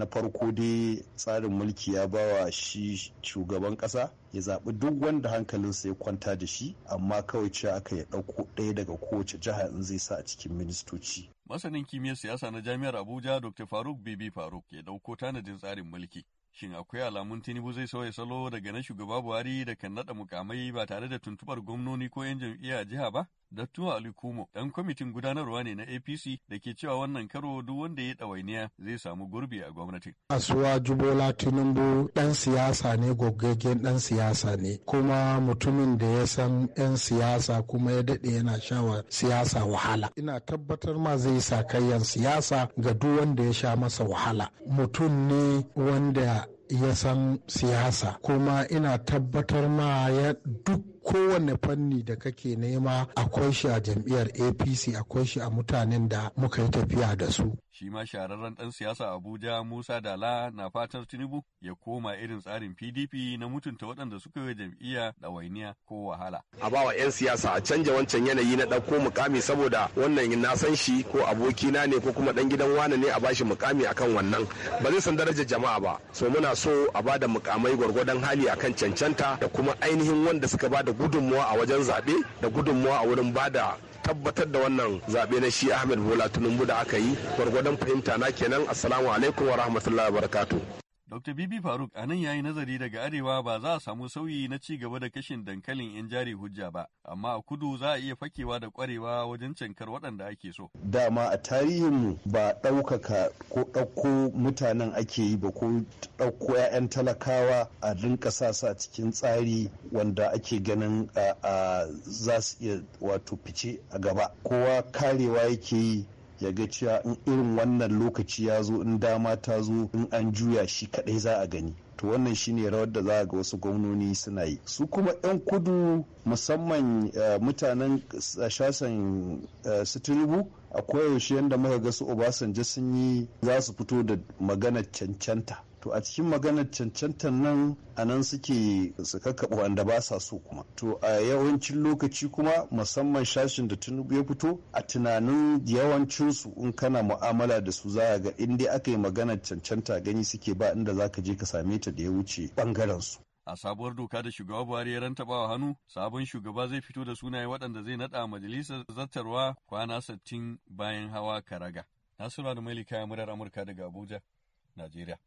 na farko dai tsarin mulki ya bawa shi shugaban kasa ya zaɓi duk wanda hankalinsa ya kwanta da shi amma kawai cewa aka ya ɗauko ɗaya daga kowace jiha in zai sa a cikin ministoci. Masanin kimiyyar siyasa na Jami'ar Abuja Dr. Faruk Bibi Faruk ya ɗauko tanadin tsarin mulki. Shin akwai alamun Tinubu zai sauya salo daga na shugaba Buhari da kan naɗa mukamai ba tare da tuntuɓar gwamnoni ko 'yan jam'iyya jiha ba? Dattuwa Ali Kumo ɗan kwamitin gudanarwa ne na APC da ke cewa wannan karo duk wanda ya ɗawainiya zai samu gurbi a gwamnati. Asuwa Jubola Tinubu ɗan siyasa ne gogaggen ɗan siyasa ne kuma mutumin da ya san 'yan siyasa kuma ya daɗe yana shawa siyasa wahala. Ina tabbatar ma zai sa kayan siyasa ga duk wanda ya sha masa wahala. Mutum ne wanda ya san siyasa kuma ina tabbatar ma ya duk kowane fanni da kake nema akwai shi a jam'iyyar apc akwai shi a mutanen da muka yi tafiya da su shi ma shahararren dan siyasa abuja musa dala na fatar tinubu ya koma irin tsarin pdp na mutunta waɗanda suka yi jam'iyya ɗawainiya ko wahala a bawa 'yan siyasa a canja wancan yanayi na ɗauko mukami saboda wannan na san shi ko abokina ne ko kuma ɗan gidan wane ne a bashi mukami akan wannan ba zai san darajar jama'a ba so muna so a bada mukamai gwargwadon hali akan cancanta da kuma ainihin wanda suka bada da gudunmuwa a wajen zaɓe da gudunmuwa a wurin ba da tabbatar da wannan zaɓe na shi ahmed bola tinubu da aka yi gwargwadon fahimta na kenan assalamu alaikum wa rahmatullahi wa barakatuh Dr. Bibi Faruk a nan ya yi nazari daga arewa ba za a samu sauyi na ci gaba da kashin dankalin 'yan jari hujja ba, amma a kudu za a iya fakewa da kwarewa wajen cankar waɗanda ake so. Dama a tarihinmu ba ɗaukaka ko ɗauko mutanen ake yi ba ko ɗauko 'ya'yan talakawa a rinka sasa cikin tsari wanda ake ganin za su iya wato fice a gaba. Kowa karewa yake yi ya ga cewa in irin wannan lokaci ya zo in dama ta zo in an juya shi kadai za a gani to wannan shine rawar da za a ga wasu gwamnoni suna yi su kuma 'yan kudu musamman eh, mutanen shasan eh, sitiribu a koyaushe yadda muka ga su obasanjo sun yi za su fito da maganar cancanta to a cikin maganar cancantar nan a nan suke su kakkaɓa wanda ba sa so kuma to a yawancin lokaci kuma musamman shashin da tunubu ya fito a tunanin yawancinsu in kana mu'amala da su za ga in dai aka yi maganar cancanta gani suke ba inda za ka je ka same ta da ya wuce bangaren su a sabuwar doka da shugaba buhari ya rantabawa hannu sabon shugaba zai fito da sunaye waɗanda zai naɗa majalisar zartarwa kwana sittin bayan hawa karaga suna da malika murar amurka daga abuja najeriya